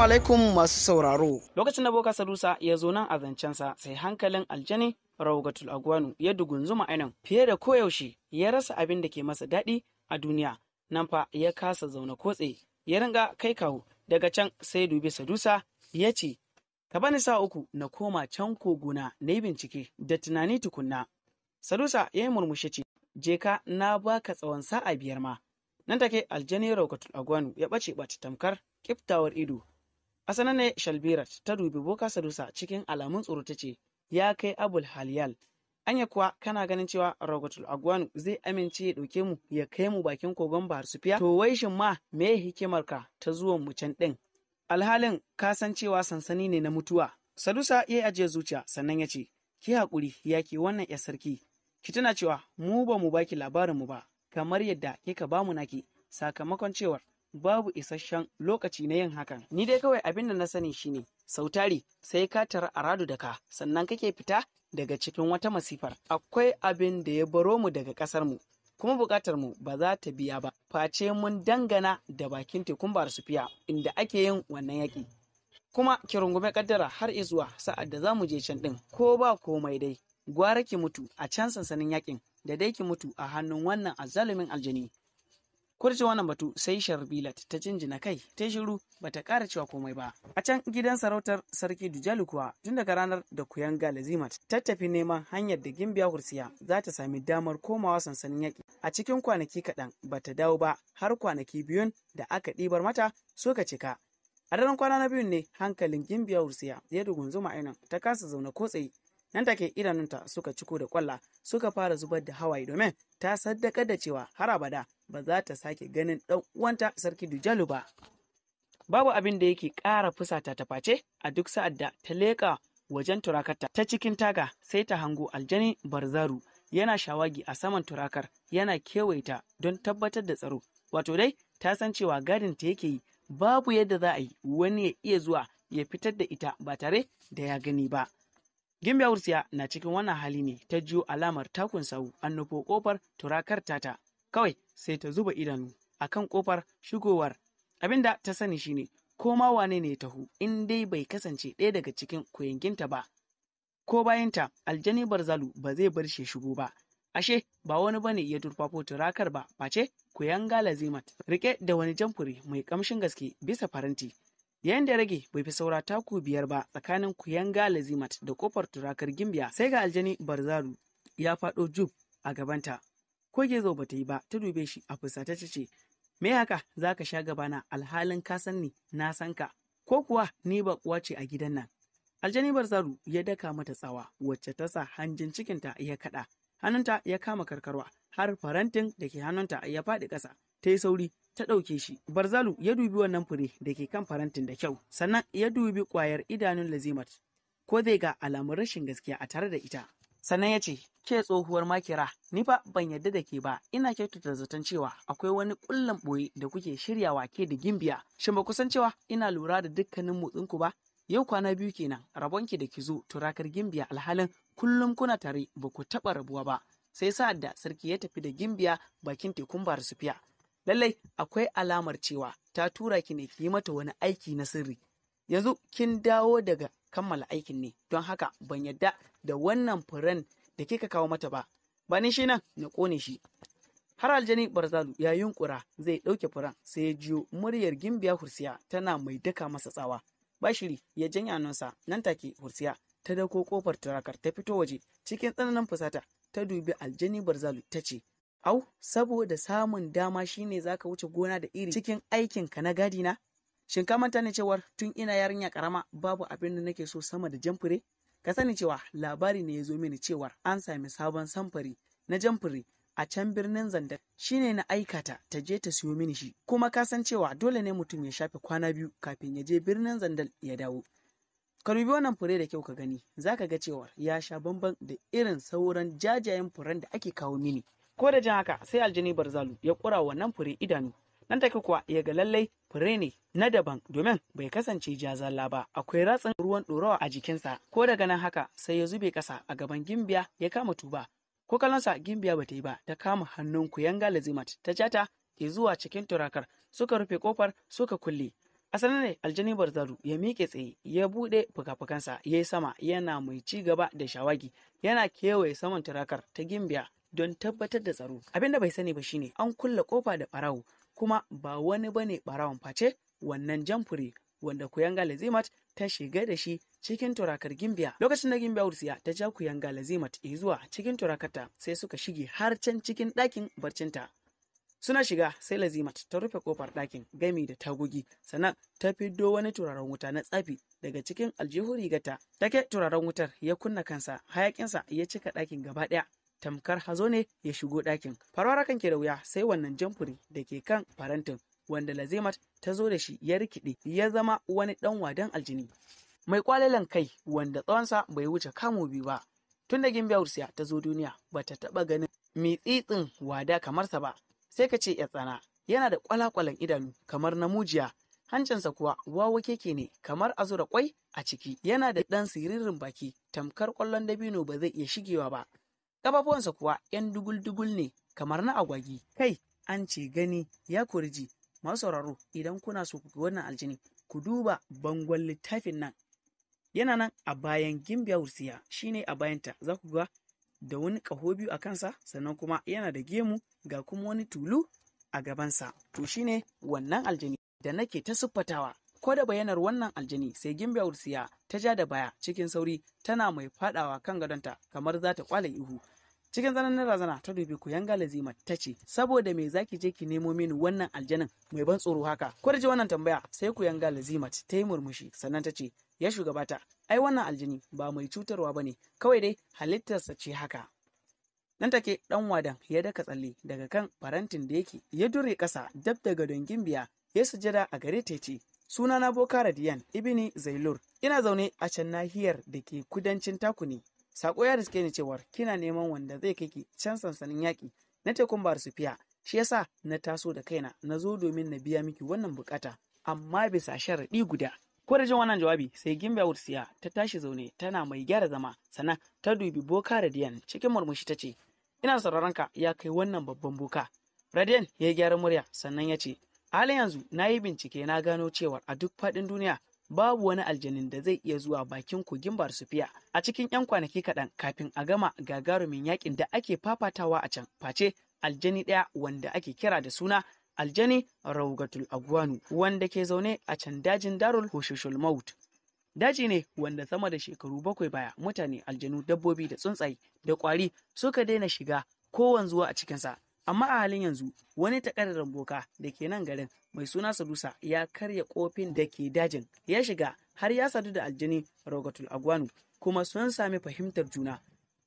Assalamu alaikum masu sauraro. Lokacin da Boka Sadusa ya zo nan a zancensa sai hankalin aljani Raugatul Agwanu ya dugunzuma ainihin fiye da koyaushe ya rasa abin da ke masa daɗi a duniya. Nan fa ya kasa zaune kotse ya ringa kai kawo daga can sai dubi Sadusa ya ce ka bani sa uku na koma can koguna na yi bincike da tunani tukunna. Sadusa ya yi murmushi ce je ka na baka tsawon sa'a biyar ma. Nan take aljani Raugatul Agwanu ya ɓace ɓata tamkar kiftawar ido A sanar Shalbirat ta dubi Boka Sadusa cikin alamun tsoro ta ce, Ya kai Abul Haliyal, anya kuwa kana ganin cewa Rogatul Agwanu zai amince ya dauke mu ya kai mu bakin kogon Bahar Sufiya? To wai shin ma me ka ta zuwan mu can ɗin? Alhalin ka san cewa sansani ne na mutuwa. Sadusa ya ajiye zuciya sannan ya ce, Ki hakuri ya ke wannan ya sarki. Ki tuna cewa mu ba mu baki labarin mu ba, kamar yadda kika ba mu naki sakamakon cewar babu isasshen lokaci na yin hakan ni dai kawai abin da na sani shine sautari sai ka tara radu da ka sannan kake fita daga cikin wata masifar akwai abin da ya baro mu daga ƙasar mu kuma buƙatar mu ba za ta biya ba face mun dangana da bakin tekun bar sufiya inda ake yin wannan yaƙi kuma ki rungume kaddara har izuwa sa'ad da za mu je can ɗin ko ba komai dai gwara ki mutu a can sansanin yaƙin da dai ki mutu a hannun wannan azzalumin aljani kurji wannan batu sai sharbilat ta jinjina kai ta yi shiru ba ta kara cewa komai ba a can gidan sarautar sarki dujalu kuwa tun daga ranar da kuyan galazimat. ta tafi neman hanyar da gimbiya hursiya za ta sami damar komawa sansanin yaƙi a cikin kwanaki kaɗan ba ta dawo ba har kwanaki biyun da aka ɗibar mata suka cika a daren kwana na biyun ne hankalin gimbiya hursiya ya dugunzu ainihin ta kasa zaune ko tsaye nan take idanunta suka ciko da kwalla suka fara zubar da hawaye domin ta saddaka da cewa har abada ba za ta sake ganin ɗan uwanta sarki Dujalu ba. Babu abin da yake ƙara fusata ta face a duk sa'ad da ta leƙa wajen turakarta ta cikin taga sai ta hango aljani barzaru yana shawagi a saman turakar yana kewaita don tabbatar da tsaro. Wato dai ta san cewa gadin ta yake yi babu yadda za a yi wani ya iya zuwa ya fitar da ita ba tare da ya gani ba. Gimbiya Ursiya na cikin wannan hali ne ta jiyo alamar takun sau an nufo kofar turakar tata kawai sai ta zuba idanu a kan ƙofar shigowar abin da ta sani shine ko ma wane ne tahu in dai bai kasance ɗaya daga cikin koyanginta ba ko bayanta aljani barzalu ba zai bar shi shigo ba ashe ba wani bane ya turfafo turakar ba face kuyanga lazimat rike da wani jamfuri mai kamshin gaske bisa faranti yayin da rage bai fi saura taku biyar ba tsakanin kuyanga lazimat da kofar turakar gimbiya sai ga aljani barzalu ya faɗo jub a gabanta ko gezo bata yi ba ta dube shi a fusata ta ce me haka zaka sha gabana alhalin ka san ni na san ka ko kuwa ni ba kuwa ce a gidan nan aljani barzaru ya daka mata tsawa wacce ta sa hanjin cikinta ya kada hannunta ya kama karkarwa har farantin da ke hannunta ya faɗi ƙasa ta yi sauri ta ɗauke shi barzalu ya dubi wannan fure da ke kan farantin da kyau sannan ya dubi kwayar idanun lazimat ko zai ga alamun rashin gaskiya a tare da ita sannan ya ce ke tsohuwar makira ni fa ban yadda da ke ba ina kyautata zaton cewa akwai wani ƙullan boye da kuke shiryawa ke da gimbiya shin ba kusan cewa ina lura da dukkanin motsinku ba yau kwana biyu kenan rabon rabonki da ki zo turakar gimbiya alhalin kullum kuna tare ba ku taɓa rabuwa ba sai sa'ad da sarki ya tafi da gimbiya bakin tekun sufiya lallai akwai alamar cewa ta tura ki ne ki yi mata wani aiki na sirri yanzu kin dawo daga kammala aikin ne don haka ban yadda da wannan furen da kika kawo mata ba ba ni shi nan na ƙone shi har aljani barzalu ya yunkura zai ɗauke furen sai ya jiyo muryar gimbiya hursiya tana mai daka masa tsawa bashiri ya janya nonsa nan take hursiya ta dako kofar turakar ta fito waje cikin tsananin fusata ta dubi aljani barzalu ta ce au saboda samun dama shine zaka wuce gona da iri cikin aikin ka na gadina shin ka manta ne cewar tun ina yarinya karama babu abin da nake so sama da jamfure ka sani cewa labari ne ya zo mini cewar an sami sabon samfari na jamfuri a can birnin zanda shine na aikata ta je ta siyo mini shi kuma ka san cewa dole ne mutum ya shafe kwana biyu kafin ya je birnin zandal ya dawo ka dubi wannan fure da kyau ka gani za ka ga cewa ya sha bamban da irin sauran jajayen furen da ake kawo mini ko da jin haka sai aljini barzalu ya kura wannan fure idanu nan take kuwa ya ga lallai fure ne na daban domin bai kasance jazalla ba akwai ratsin ruwan dorawa a jikinsa ko daga nan haka sai ya zube ƙasa a gaban gimbiya ya kama tuba ko kalansa gimbiya ba ta yi ba ta kama hannun kuyanga lazimat ta jata ke zuwa cikin turakar suka rufe kofar suka kulle asalin ne aljani barzaru ya miƙe tsaye ya buɗe fuka-fukansa ya yi sama yana mai ci gaba da shawagi yana kewaye saman turakar ta gimbiya don tabbatar da tsaro abinda bai sani ba shine an kulle kofa da ɓarawo kuma ba wani bane barawan face wannan jamfuri, wanda kuyanga lazimat ta shiga da shi cikin turakar gimbiya lokacin da gimbiya ursiya ta ja kuyanga lazimat zuwa cikin turakarta sai suka shige har can cikin ɗakin barcinta suna shiga sai lazimat ta rufe kofar ɗakin gami da tagogi sannan ta fiddo wani turaren wuta na tsafi daga cikin aljihu rigarta take turaren wutar ya kunna kansa hayakinsa ya cika ɗakin gaba ɗaya tamkar hazo ne ya shigo ɗakin farwara kan ke da wuya sai wannan jamfuri da ke kan farantin wanda lazimat ta zo da shi ya rikide ya zama wani ɗan wadan aljini mai kwalilan kai wanda tsawonsa bai wuce kamo biyu ba tun da gimbiya ursiya ta zo duniya ba ta taɓa ganin mitsitsin wada kamarsa ba sai ka ce ya tsana yana da kwalakwalan idanu kamar na mujiya hancinsa kuwa wawa keke ne kamar azura kwai a ciki yana da ɗan siririn baki tamkar ƙwallon dabino ba zai iya shigewa ba Ƙafafuwansa kuwa ‘yan dugul-dugul ne kamar na agwagi. Kai, an ce gani ya kurji. Masu sauraro idan kuna so ku wannan aljini, ku duba bangon littafin nan. Yana nan a bayan gimbiya wursiya ne a bayanta za ku ga da wani ƙaho biyu a kansa sannan kuma yana da gemu ga kuma wani tulu a gabansa. To shi ne wannan aljini da nake ta siffatawa ko da bayanar wannan aljini sai gimbiya ursiya ta ja da baya cikin sauri tana mai fadawa kan gadonta kamar za ta kwala ihu cikin tsananin razana ta dubi ku galazimat lazima ta ce saboda me zaki je ki nemo mini wannan aljanin mai ban tsoro haka ko da ji wannan tambaya sai ku galazimat lazima ta yi murmushi sannan ta ce ya shugabata ai wannan aljini ba mai cutarwa ba ne. kawai dai halittarsa ce haka nan take dan wadan ya daka tsalle daga kan farantin da yake ya dure kasa dab da gadon gimbiya ya sujada a gare ta ce Suna na Boka Diyan Ibini Zailur. Ina zaune a can nahiyar da ke kudancin takuni. Sako ya riske ni cewar kina neman wanda zai kai ki can sansanin yaƙi na tekun bar sufiya. Shi yasa na taso da kaina na zo domin na biya miki wannan bukata amma bisa sharaɗi guda. Ko da jin wannan jawabi sai Gimbe Siya ta tashi zaune tana mai gyara zama sannan ta dubi Boka Radiyan cikin murmushi ta ce ina sauraron ka ya kai wannan babban boka. Radiyan ya gyara murya sannan ya ce halin yanzu na yi bincike na gano cewa a duk faɗin duniya babu wani aljanin da zai iya zuwa bakin kogin sufiya a cikin 'yan kwanaki kaɗan kafin a gama gagarumin yakin da ake fafatawa a can face aljani ɗaya wanda ake kira da suna aljani raugatul agwanu wanda ke zaune a can dajin darul hushushul maut daji ne wanda sama da shekaru bakwai baya mutane aljanu dabbobi da tsuntsaye da kwari suka daina shiga ko wanzuwa a cikinsa amma a halin yanzu wani takardar boka da ke nan garin mai suna sadusa ya karya kofin da ke dajin ya shiga har ya sadu da aljini rogatul agwanu kuma sun sami fahimtar juna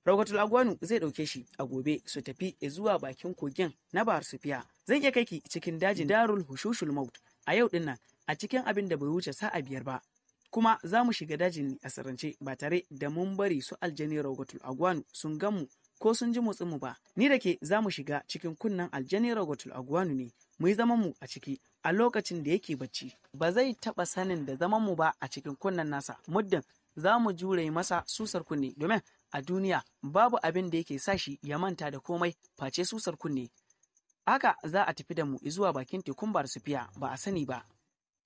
rogatul agwanu zai dauke shi a gobe su tafi zuwa bakin kogin na bahar sufiya zan iya kai cikin dajin darul hushushul maut a yau din nan a cikin abin da bai wuce sa'a biyar ba kuma za mu shiga dajin a sirrance ba tare da mun bari su aljani rogatul agwanu sun gan mu ko sun ji motsin mu ba ni da ke za mu shiga cikin kunnen aljani ragotul agwanu ne mu yi zaman mu a ciki a lokacin da yake bacci ba zai taba sanin da zaman mu ba a cikin kunnen nasa muddin za mu jure masa susar kunne domin a duniya babu abin da yake sa ya manta da komai face susar kunne haka za a tafi da mu zuwa bakin tekun sufiya ba a sani ba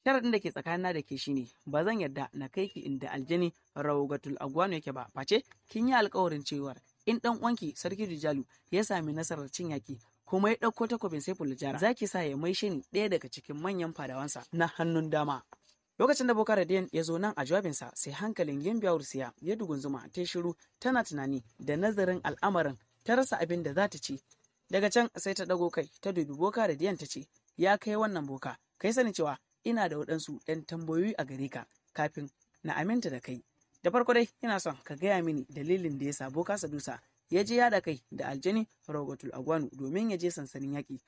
sharaɗin da ke tsakanina da ke shine ba zan yarda na kai ki inda aljani rawogatul agwano yake ba face kin yi alkawarin cewar in dan uwanki sarki Dijalu ya sami nasarar cin yaki kuma ya ɗauko takobin sai jara zaki sa ya mai ni ɗaya daga cikin manyan fadawansa na hannun dama lokacin da da Haram ya zo nan a jawabinsa sai hankalin biyar rusiya ya dugunzuma ta shiru tana tunani da nazarin al'amarin ta rasa abin da za ta ci daga can sai ta ɗago kai ta dubi boka da ta ce ya kai wannan boka kai sani cewa ina da waɗansu ɗan tambayoyi a gare ka kafin na aminta da kai da farko dai ina son ka gaya mini dalilin da ya sa boka dusa. ya je yada kai da aljani rogotul agwanu domin ya je sansanin yaƙi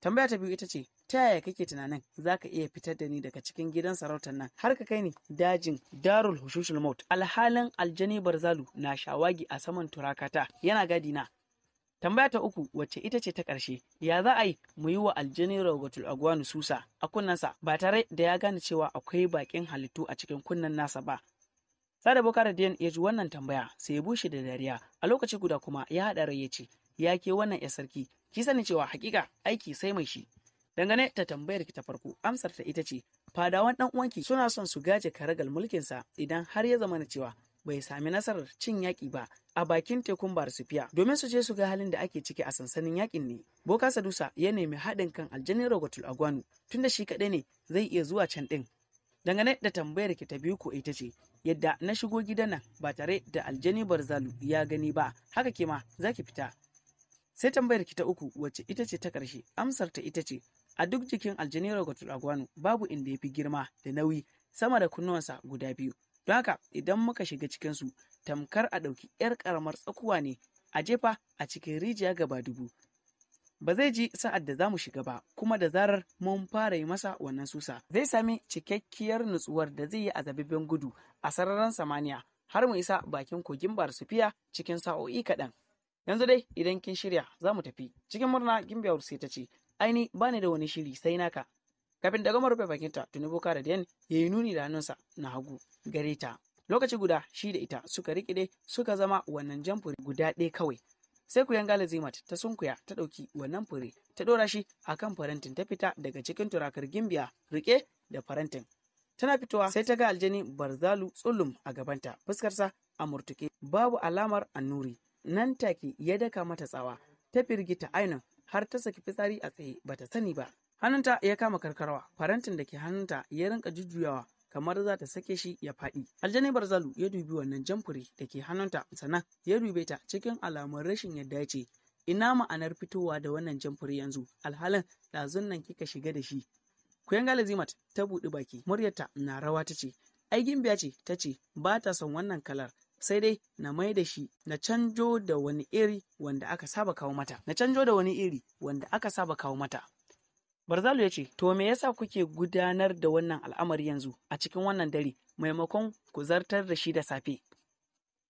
tambaya ta biyu ita ce ta yaya kake tunanin za ka iya fitar da ni daga cikin gidan sarautar nan har ka kai ni dajin darul hushushul maut alhalin aljani barzalu na shawagi a saman turakata yana gadi na tambaya ta uku wacce ita ce ta ƙarshe ya za a yi mu yi wa aljani rogotul agwanu susa a kunnensa ba tare da ya gane cewa akwai baƙin halittu a cikin kunnen nasa ba Sada Bukar Diyan ya ji wannan tambaya sai ya bushe da dariya a lokaci guda kuma ya haɗa rai ya ce ya ke wannan ya sarki ki sani cewa hakika aiki sai mai shi. Dangane ta tambayar ki ta farko amsar ta ita ce fadawan ɗan uwanki suna son su gaje karagal sa idan har ya zamana cewa bai sami nasarar cin yaƙi ba a bakin tekun barsufiya domin su je su ga halin da ake ciki a sansanin yaƙin ne boka sadusa ya nemi haɗin kan aljanin rogatul agwanu tunda shi kaɗai ne zai iya zuwa can ɗin dangane da tambayar ki ta biyu ko ita ce yadda na shigo gidan nan ba tare da aljani barzalu ya gani ba haka ke ma za ki fita sai tambayar ki ta uku wacce ita ce ta ƙarshe amsar ta ita ce a duk jikin aljani rogatul agwano babu inda ya fi girma da nauyi sama da kunnuwansa guda biyu don haka idan muka shiga cikinsu tamkar a ɗauki 'yar ƙaramar tsakuwa ne a jefa a cikin rijiya gaba dubu ba zai ji sa'ad da za mu shiga ba kuma da zarar mun fara yi masa wannan susa zai sami cikakkiyar nutsuwar da zai yi a zabibin gudu a sararin samaniya har mu isa bakin kogin bar sufiya cikin sa'o'i kaɗan yanzu dai idan kin shirya za mu tafi cikin murna gimbiyar sai ta ce aini ba ni da wani shiri sai naka kafin da gama rufe bakinta tuni boka da den ya yi nuni da hannunsa na hagu gare ta lokaci guda shi da ita suka rikide suka zama wannan jamfuri guda ɗaya kawai sai ku yanga lazimat ta sunkuya ta ɗauki wannan fure ta ɗora shi a kan farantin ta fita daga cikin turakar gimbiya riƙe da farantin tana fitowa sai ta ga aljani barzalu tsulum a gabanta fuskarsa a murtuke babu alamar annuri nan take ya daka mata tsawa ta firgita ainun har ta saki fitsari a tsaye bata sani ba hannunta ya kama karkarwa farantin da ke hannunta ya rinka jujjuyawa kamar za ta sake shi ya faɗi. Aljani Barzalu ya dubi wannan jamfuri da ke hannunta sannan ya dube ta cikin alamun rashin yadda ce. Ina ma'anar fitowa da wannan jamfuri yanzu alhalin ɗazun nan kika shiga da shi. Kuyanga Lazimat ta buɗi baki muryarta na rawa ta ce ai gimbiya ce ta ce ba ta son wannan kalar sai dai na mai da shi na canjo da wani iri wanda aka saba kawo mata na canjo da wani iri wanda aka saba kawo mata Barzalu ya ce, To me yasa kuke gudanar da wannan al'amari yanzu a cikin wannan dare maimakon ku zartar da shi da safe?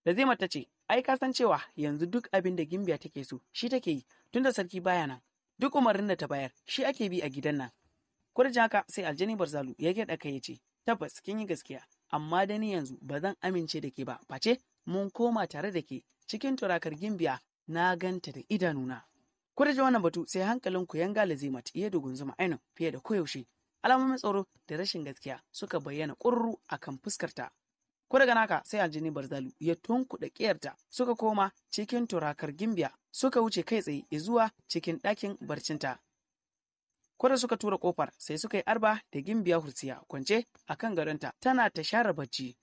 Lazima ta ce, Ai kasan cewa yanzu duk abin da Gimbiya take so shi take yi tunda sarki baya nan. Duk umarnin da ta bayar shi ake bi a gidan nan. kurjaka haka sai aljani Barzalu ya gyaɗa kai ya ce, Tabbas kin yi gaskiya, amma da ni yanzu ba zan amince da ke ba, face mun koma tare da ke cikin turakar Gimbiya na ganta da idanuna. Ku da ji wannan batu sai hankalin ku yanga mata iya dogon zama ainihin fiye da koyaushe. Alamomin tsoro da rashin gaskiya suka bayyana ƙurru a kan fuskarta. Ku daga naka sai aljini barzalu ya tunku da ƙiyarta suka koma cikin turakar gimbiya suka wuce kai tsaye zuwa cikin ɗakin barcinta. da suka tura kofar sai suka yi arba da gimbiya hursiya kwance a kan gadonta tana ta share bacci.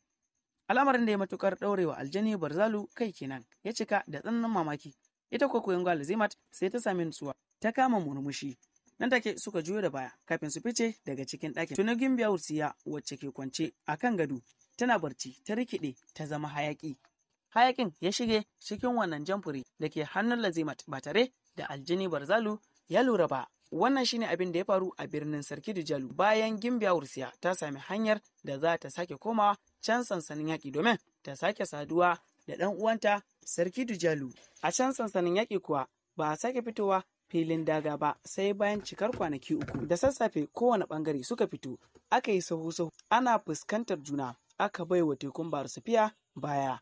Al'amarin da ya matukar ɗaurewa aljani barzalu kai kenan ya cika da tsananin mamaki Ita kuwa koyon zimat sai ta sami nutsuwa, ta kama murmushi. Nan take suka juyo da baya kafin su fice daga cikin ɗakin. Tuna gimbiya wursiya wacce ke kwance a kan gado, tana barci, ta rikide, ta zama hayaki. hayakin ya shige cikin wannan jamfuri da ke hannun Lazimat ba tare da aljini Barzalu ya lura ba. Wannan shine abin da ya faru a birnin Sarki Dijalu bayan gimbiya wursiya ta sami hanyar da za ta sake komawa can sansanin yaƙi domin ta sake saduwa da ɗan uwanta Sarki Dujalu. A can sansanin yaƙi kuwa ba a sake fitowa filin daga ba sai bayan cikar kwanaki uku. Da sassafe kowane ɓangare suka fito aka yi sahu-sahu ana fuskantar juna aka bai wa tekun barsufiya baya.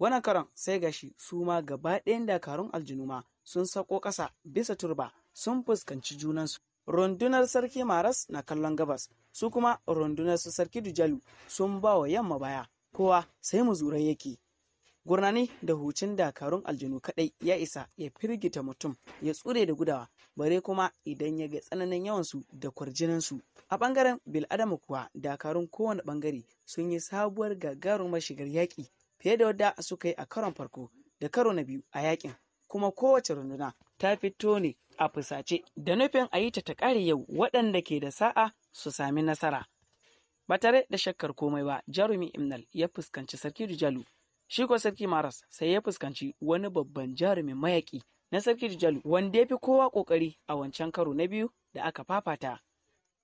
Wannan karon sai gashi su ma gaba ɗayan dakarun aljinu ma sun sako ƙasa bisa turba sun fuskanci junansu. rundunar sarki maras na kallon gabas su kuma rundunar sarki dujalu sun ba wa yamma baya kowa sai mu zurai yake gurnani da hucin dakarun aljanu kadai ya isa ya firgita mutum ya tsure da gudawa bare kuma idan ya ga tsananin yawansu da kwarjinansu a bangaren bil'adama kuwa dakarun kowane bangare sun yi sabuwar gagarumar shigar yaƙi fiye da wadda suka yi a karon farko da karo na biyu a yaƙin kuma kowace runduna ta fito ne a fusace da nufin a yi ta ta yau waɗanda ke da sa'a su sami nasara ba tare da shakkar komai ba jarumi imnal ya fuskanci sarki jalu Shi ko sarki Maras sai ya fuskanci wani babban jarumin mayaƙi na sarki Dijalu wanda ya fi kowa ƙoƙari a wancan karo na biyu da aka fafata.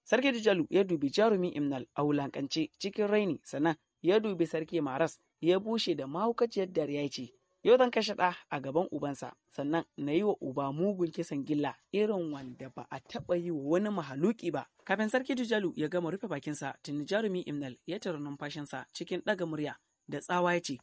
Sarki Dijalu ya dubi jarumin Imnal a wulankance cikin raini sannan ya dubi sarki Maras ya bushe da mahaukaciyar dariya ce. Yau zan kashe ɗa a gaban ubansa sannan na yi wa uba mugun kisan gilla irin wanda ba a taɓa yi wa wani mahaluki ba. Kafin sarki Dijalu ya gama rufe bakinsa tuni jarumin Imnal ya tara numfashinsa cikin ɗaga murya da tsawa ya ce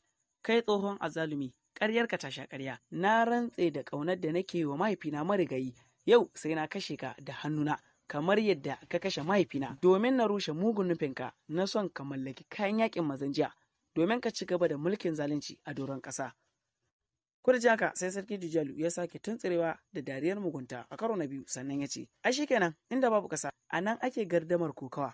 kai tsohon azalumi ƙaryarka ta sha ƙarya na rantse da ƙaunar da nake wa mahaifina marigayi yau sai na kashe ka da hannuna kamar yadda ka kashe mahaifina domin na rushe mugun nufinka na son ka mallaki kayan yakin mazanjiya domin ka ci gaba da mulkin zalunci a doron ƙasa. Kurji jaka sai sarki Dujalu ya sake tuntsirewa da dariyar mugunta a karo na biyu sannan ya ce, "Ai kenan inda babu ƙasa a nan ake gardamar kokawa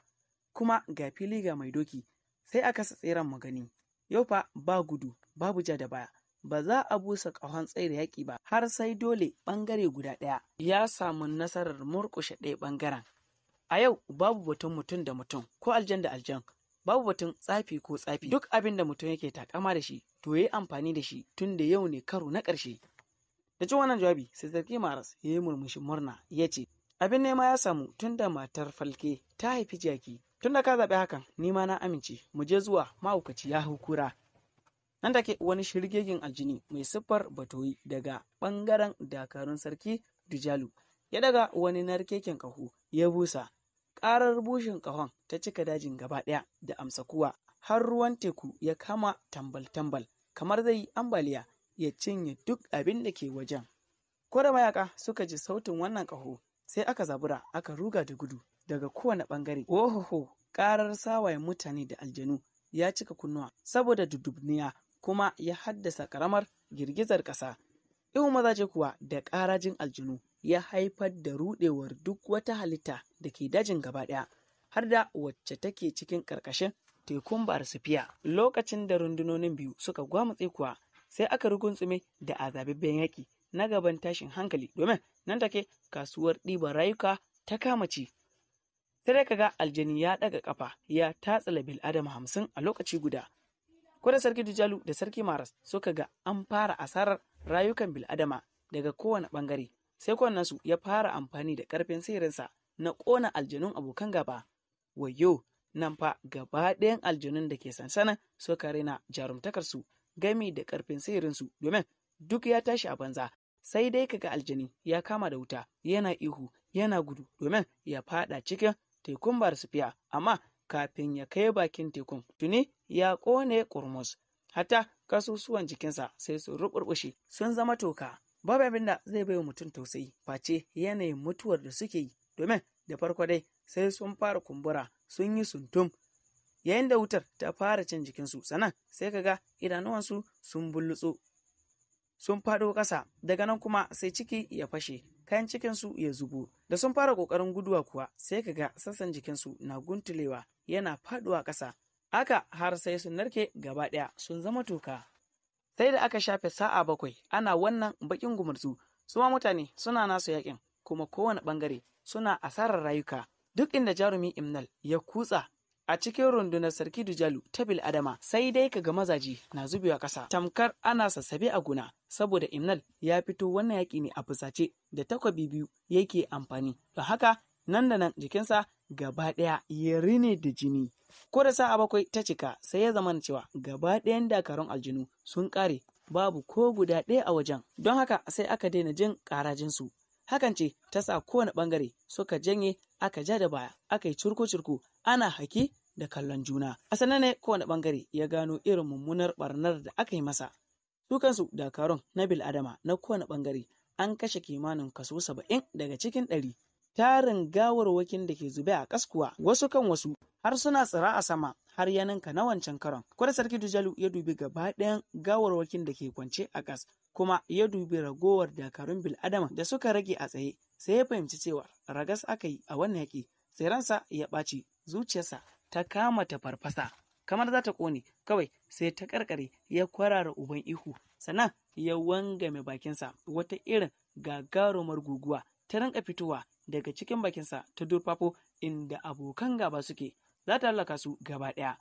kuma ga fili ga mai doki sai aka kasa tseren magani Yau fa ba gudu, babu ja da baya. Ba za a busa ƙahon tsayar yaƙi ba har sai dole ɓangare guda ɗaya ya samu nasarar murƙushe ɗaya ɓangaren. A yau babu batun mutum da mutum ko aljan da aljan babu batun tsafi ko tsafi duk abin da mutum yake takama da shi to yi amfani da shi tun da yau ne karo na ƙarshe. Da ci wannan jawabi sai sarki Maras ya yi murmushin murna ya ce abin nema ya samu tun da matar falke ta haifi jaki tunda ka zaɓi hakan ni ma na amince mu je zuwa maaukaci ya hukura. Nan da ke wani shirgegen aljini mai siffar batoyi daga ɓangaren dakarun sarki dujalu ya daga wani narkeken ƙaho ya busa ƙarar bushin ƙahon ta cika dajin gaba ɗaya da amsa kuwa har ruwan teku ya kama tambal-tambal kamar zai yi ambaliya ya cinye duk abin da ke wajen ko da mayaka suka ji sautin wannan ƙaho sai aka zabura aka ruga da gudu daga kowane ɓangare. Ohoho, ƙarar sawaye mutane da aljanu ya cika kunnuwa saboda dudubniya kuma ya haddasa ƙaramar girgizar ƙasa. Ihu maza ce kuwa da ƙarajin aljanu ya haifar da ruɗewar duk wata halitta da ke dajin gaba ɗaya, har da wacce take cikin ƙarƙashin tekun barsufiya. Lokacin da rundunonin biyu suka gwamutse kuwa sai aka rugunsume da azababben yaƙi na gaban tashin hankali domin nan take kasuwar ɗiban rayuka ta kama ci sai dai kaga aljani ya daga kafa ya tatsala labil adam hamsin a lokaci guda ko sarki Dujalu da sarki Maras suka ga an fara asarar rayukan bil'adama daga kowane bangare sai su ya fara amfani da karfin sihirinsa na kona aljanun abokan gaba wayo nan fa gaba ɗayan aljanun da ke sansanin so ka rena jarumtakar su gami da karfin su domin duk ya tashi a banza sai dai kaga aljani ya kama da wuta yana ihu yana gudu domin ya fada cikin tekun Barsifiya, amma kafin ya kai bakin tekun, tuni ya ƙone ƙurmus. Hata kasusuwan jikinsa sai su ruɓurɓushe sun zama toka. Babu abin da zai bai wa mutum tausayi, face yanayin mutuwar da suke yi, domin da farko dai sai sun fara kumbura sun yi suntum yayin da wutar ta fara cin jikinsu sannan sai kaga idanuwansu sun bullutsu sun faɗo ƙasa daga nan kuma sai ciki ya fashe kayan cikinsu ya zubo da sun fara ƙoƙarin guduwa kuwa sai ka ga sassan jikinsu na guntulewa yana faɗuwa ƙasa aka har sai sun narke gaba ɗaya sun zama toka sai da aka shafe sa'a bakwai ana wannan bakin gumurzu su ma mutane suna nasu yakin kuma kowane bangare suna asarar rayuka duk inda jarumi imnal ya kutsa a cikin rundunar sarki Dujalu ta Bil Adama sai dai ka ga mazaji na zubewa ƙasa tamkar ana sassabe a guna saboda Imnal ya fito wannan yaƙi ne a fusace da takwabi biyu yake amfani don haka nan da nan jikinsa gaba ɗaya ya rine da jini ko da sa'a bakwai ta cika sai ya zama cewa gaba ɗayan dakarun aljinu sun ƙare babu ko guda ɗaya a wajen don haka sai aka daina jin ƙarajinsu hakan ce ta sa kowane ɓangare suka janye aka ja da baya aka yi curko-curko ana hake da kallon juna. A sanar ne kowane bangare ya gano irin mummunar barnar da aka yi masa. Su dakarun na bil adama na kowane bangare an kashe kimanin kaso saba'in daga cikin ɗari. Tarin gawarwakin da ke zube a kaskuwa wasu kan wasu har suna tsira a sama har ya ninka na wancan karon. Kwada sarki Dujalu ya dubi gaba ɗayan gawarwakin da ke kwance a kas kuma ya dubi ragowar dakarun bil adama da suka rage a tsaye sai ya fahimci cewa ragas aka yi a wannan yaƙi sai ransa ya ɓaci zuciyarsa ta kama ta farfasa kamar za ta ƙone kawai sai ta karkare ya kwarara uban ihu sannan ya wangame bakinsa wata irin gagarumar guguwa ta rinka fitowa daga cikin bakinsa ta durfafo inda abokan gaba suke za ta hallaka su gaba ɗaya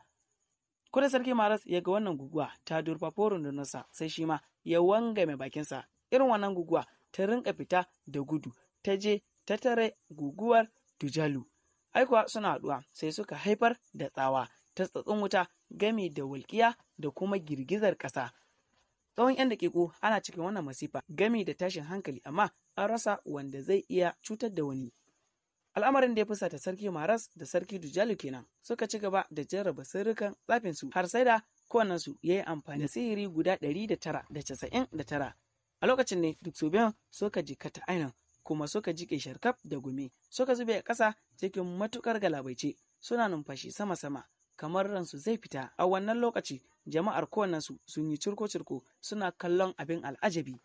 kuda sarki maras ya ga wannan guguwa ta durfafo rundunarsa sai shi ma ya wangame bakinsa irin wannan guguwa ta rinka fita da gudu ta je ta tare guguwar dujalu aikuwa suna haɗuwa sai suka haifar da tsawa ta tsatsin wuta gami da walƙiya da kuma girgizar ƙasa tsawon 'yan daƙiƙu ana cikin wannan masifa gami da tashin hankali amma an rasa wanda zai iya cutar da wani al'amarin da ya fusata sarki maras da sarki dujalu kenan suka ci gaba da jarraba sirrukan tsafinsu har sai da su ya yi amfani da sihiri guda ɗari da tara da casa'in da tara a lokacin ne duk su biyan suka jikata ainihin kuma suka jike sharkaf da gumi suka zube a ƙasa cikin matukar galabaice suna numfashi sama-sama kamar ransu zai fita a wannan lokaci jama'ar kowannensu sun yi cirko-cirko suna kallon abin al'ajabi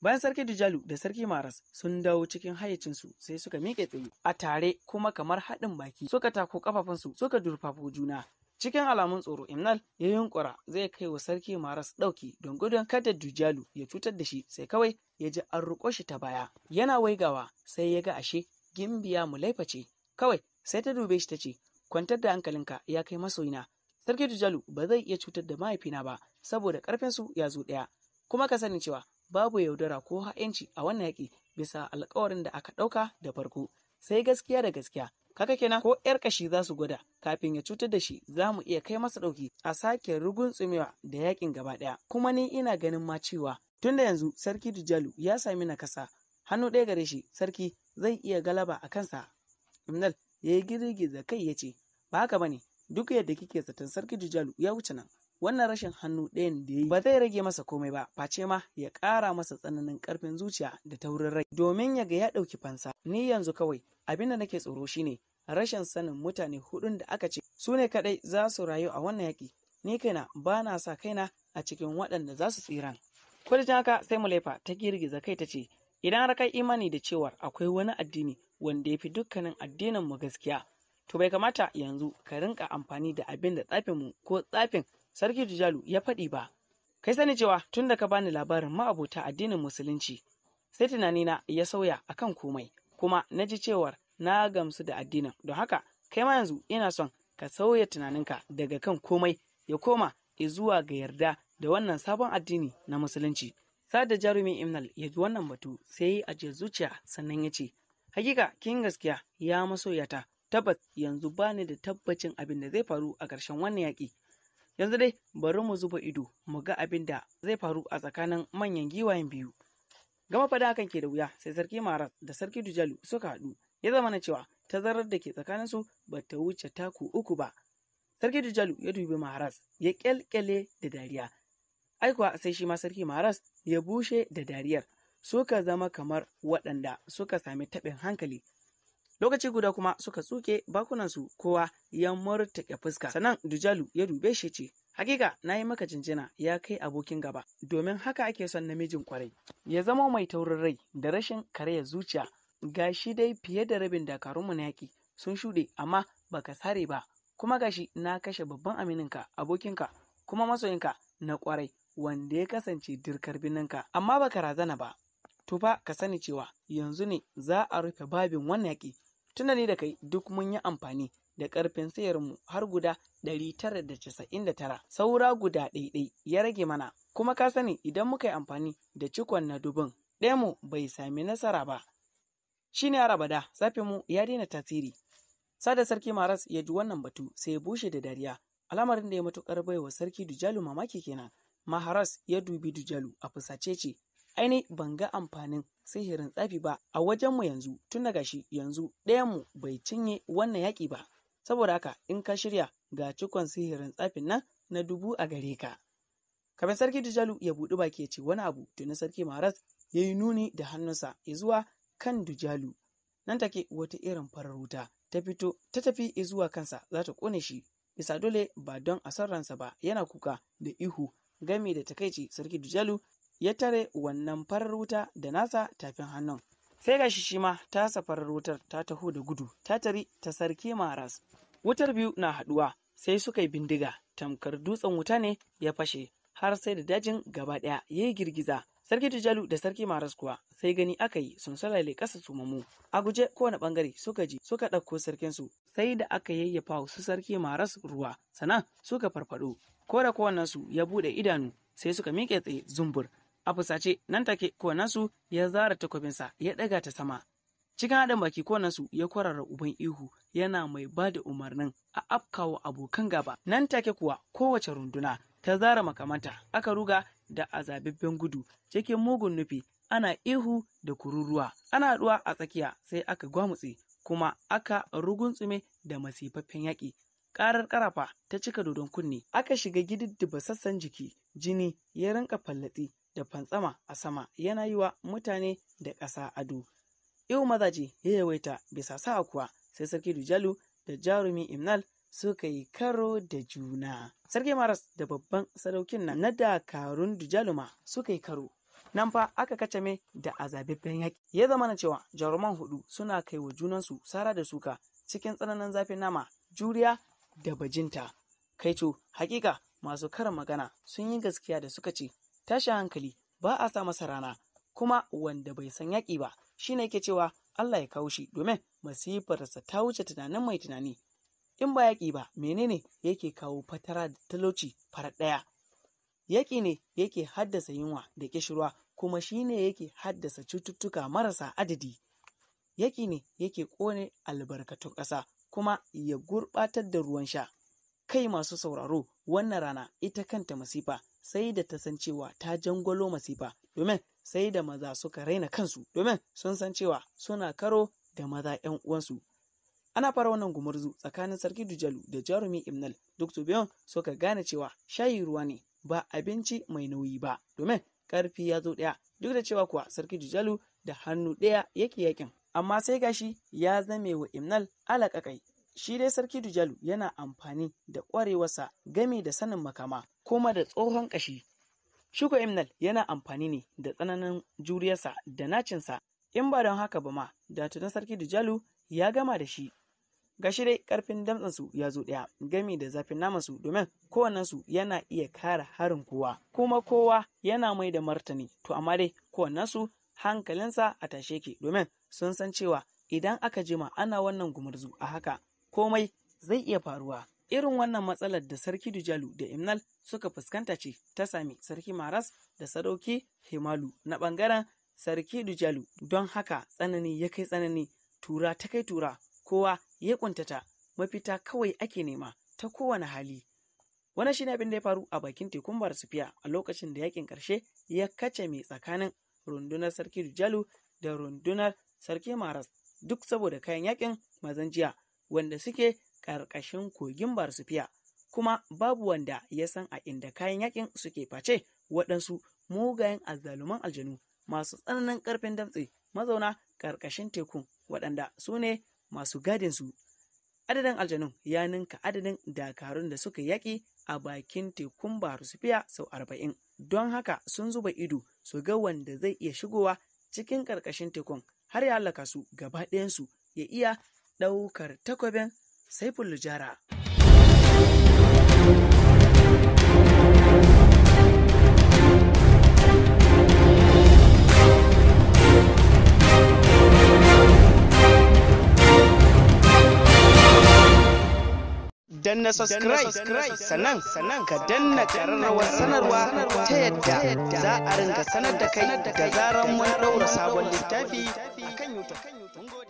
bayan sarki dijalu da sarki maras sun dawo cikin hayyacinsu sai suka miƙe tsaye a tare kuma kamar haɗin baki suka tako kafafunsu suka durfafo juna cikin alamun tsoro imnal ya yunkura zai kai wa sarki maras ɗauki don gudun kada dujalu ya cutar da shi sai kawai ya ji an ruko shi ta baya yana waigawa sai ya ga ashe gimbiya mu laifa ce kawai sai ta dube shi ta ce kwantar da hankalinka ya kai masoyina sarki dujalu ba zai iya cutar da mahaifina ba saboda su ya zo ɗaya kuma ka sani cewa babu yaudara ko ha'inci a wannan yaƙi bisa alkawarin da aka ɗauka da farko sai gaskiya da gaskiya kaga kenan ko yar kashi za su gwada kafin ya cutar da shi za mu iya kai masa ɗauki a sake rugun tsumewa da yakin gaba ɗaya kuma ni ina ganin ma cewa tun da yanzu sarki Dujalu ya sami nakasa hannu ɗaya gare shi sarki zai iya galaba a kansa Imnal ya yi girgiza kai ya ce ba haka ne, duk yadda kike zaton sarki Dujalu ya wuce nan wannan rashin hannu ɗayan da ya yi ba zai rage masa komai ba face ma ya ƙara masa tsananin karfin zuciya da taurin rai domin ya ga ya ɗauki fansa ni yanzu kawai abin da nake tsoro shine rashin sanin mutane hudun da aka ce su ne kaɗai za su rayu a wannan yaƙi ni kaina ba na sa kaina a cikin waɗanda za su tsira da haka sai laifa ta girgiza kai ta ce idan har kai imani da cewa akwai wani addini wanda ya fi dukkanin addinin mu gaskiya to bai kamata yanzu ka rinka amfani da abin da tsafinmu ko tsafin sarki Dijalu ya faɗi ba. Kai sani cewa tun da ka bani labarin ma'abota addinin musulunci sai tunanina ya sauya akan komai kuma na ji cewar na gamsu da addinin don haka kai ma yanzu ina son ka sauya tunaninka daga kan komai ya koma zuwa ga yarda da wannan sabon addini na musulunci. Sada jarumin Imnal ya ji wannan batu sai a je zuciya sannan ya ce, Hakika kin gaskiya ya masoyata tabbas yanzu bani da tabbacin abin da zai faru a ƙarshen wannan yaƙi yanzu dai bari mu zuba ido mu ga abin da zai faru a tsakanin manyan giwayen biyu gama fada hakan ke da wuya sai sarki maras da sarki dujalu suka haɗu ya zama na cewa tazarar da ke tsakanin su ba ta wuce taku uku ba sarki dujalu ya dubi maras ya kyalkyale da dariya aikuwa sai shi ma sarki maras ya bushe da dariyar suka zama kamar waɗanda suka sami taɓin hankali lokaci guda kuma suka tsuke bakunansu kowa ya murtake fuska sannan dujalu ya dube shi ce hakika na yi maka jinjina ya kai abokin gaba domin haka ake son namijin kwarai ya zama mai taurin rai da rashin karya zuciya gashi dai fiye da rabin dakarunmu na yaƙi sun shuɗe amma baka sare ba kuma gashi na kashe babban amininka abokinka kuma masoyinka na kwarai wanda ya kasance dirkar bininka amma baka razana ba to fa ka sani cewa yanzu ne za a rufe babin wannan yaƙi tunda ni da kai duk mun yi amfani da ƙarfin sayarmu har guda 999 saura guda ɗaiɗai ya rage mana kuma ka sani idan muka yi amfani da cikon na dubin mu bai sami nasara ba Shi shine arabada mu ya daina tasiri sada sarki maras ya ji wannan batu sai ya bushe da dariya al'amarin da ya matukar baiwa sarki dujalu mamaki kenan maharas ya dubi dujalu a fusace ce aini ban ga amfanin sihirin tsafi ba a wajenmu yanzu tun daga shi yanzu mu bai cinye wannan yaƙi ba saboda haka in ka shirya ga cikon sihirin tsafin nan na dubu a gare ka kamar sarki Dijalu ya buɗi baki ya ce wani abu tuni sarki Maras ya yi nuni da hannunsa ya zuwa kan Dijalu nan take wata irin farar wuta ta fito ta tafi zuwa kansa za ta kone shi bisa dole ba don a san ransa ba yana kuka da ihu gami da takaici sarki Dijalu ya tare wannan farar wuta da nasa tafin hannun sai gashi shi ma tasa farar wutar ta taho da gudu ta tari ta sarki maras wutar biyu na haɗuwa sai suka yi bindiga tamkar dutsen wuta ne ya fashe har sai da dajin gaba daya ya yi girgiza sarki tijalu da sarki maras kuwa sai gani aka yi sun salale kasa sumamu a guje kowane bangare suka ji suka ɗauko sarkinsu sai da aka yayyafa su sarki maras ruwa sannan suka farfado ko da kowannensu ya buɗe idanu sai suka miƙe tsaye zumbur a fusace nan take konansu ya zara takobinsa ya ɗaga ta sama cikin haɗin baki konansu ya kwarara uban ihu yana mai ba da umarnin a afkawa abokan gaba nan take kuwa kowace runduna ta zara makamanta aka ruga da azabibben gudu cikin mugun nufi ana ihu da kururuwa ana haɗuwa a tsakiya sai aka gwamutse kuma aka rugunsume da masifaffen yaƙi karar karafa ta cika dodon kunne aka shiga gididdiba sassan jiki jini ya rinka fallatsi da fantsama a sama yana yi wa mutane da ƙasa ado. Iwu mazaje ya yawaita bisa sa kuwa sai sarki Dujalu da jarumi Imnal suka yi karo da juna. Sarki Maras da babban sadaukin nan na dakarun Dujaluma suka yi karo. Nan fa aka kacame da azabibben yaƙi. Ya zama na cewa jaruman hudu suna kai wa junansu sara da suka cikin tsananin zafin nama, juriya da bajinta. to hakika masu karin magana sun yi gaskiya da suka ce tashin hankali ba a sa masa rana kuma wanda bai san yaƙi ba shi ne yake cewa Allah ya kawo shi domin masifarsa ta wuce tunanin mai tunani in ba yaƙi ba menene yake kawo fatara da talauci farar ɗaya yaƙi ne yake haddasa yunwa da ƙishirwa kuma shi shine yake haddasa cututtuka marasa adadi yaƙi ne yake ƙone albarkatun ƙasa kuma ya gurɓatar da ruwan sha kai masu sauraro wannan rana ita kanta masifa sai da ta san cewa ta jangwalo masifa domin sai da maza suka raina kansu domin sun san cewa suna karo da maza 'yan uwansu ana fara wannan gumurzu tsakanin sarki dujalu da jarumi imnal duk su biyan suka gane cewa shayi ruwa ne ba abinci mai nauyi ba domin karfi ya zo ɗaya duk da cewa kuwa sarki dujalu da hannu ɗaya yake yakin amma sai gashi ya zame wa imnal alaƙaƙai shi dai sarki Dujalu yana amfani da ƙwarewarsa game da sanin makama kuma da tsohon ƙashi. Shuko Imnal yana amfani ne da tsananin juriyarsa da nacinsa in ba don haka ba ma da tunan sarki Dujalu ya gama da shi. shi dai ƙarfin damtsansu ya zo ɗaya gami da zafin namansu domin kowannensu yana iya kara harin kowa kuma kowa yana mai da martani to amma dai kowannensu hankalinsa a tashe ke domin sun san cewa idan aka jima ana wannan gumurzu a haka komai zai iya faruwa irin wannan matsalar da sarki Dujalu da Imnal suka fuskanta ce ta sami sarki Maras da sadauki Himalu na bangaren sarki Dujalu don haka tsanani ya kai tsanani tura ta kai tura kowa ya kuntata mafita kawai ake nema ta kowane hali wannan shine abin da ya faru a bakin tekun Barsufiya a lokacin da yakin karshe ya kace mai tsakanin rundunar sarki Dujalu da rundunar sarki Maras duk saboda kayan yakin mazan jiya wanda suke ƙarƙashin kogin barsufiya kuma babu wanda ya san a inda kayan yakin suke face waɗansu mugayen azzaluman aljanu masu tsananin ƙarfin damtse mazauna ƙarƙashin tekun waɗanda su ne masu gadinsu adadin aljanu ya ninka adadin dakarun da suka yaƙi a bakin tekun barsufiya sau arba'in don haka sun zuba ido su ga wanda zai iya shigowa cikin ƙarƙashin tekun har ya halaka su gaba ɗayansu ya iya ɗaukar takwabin sai jara. danna subscribe sannan sannan ka danna kararrawar sanarwa ta yadda za a ringa sanar da kai da zaran mun daura sabon littafi akan YouTube.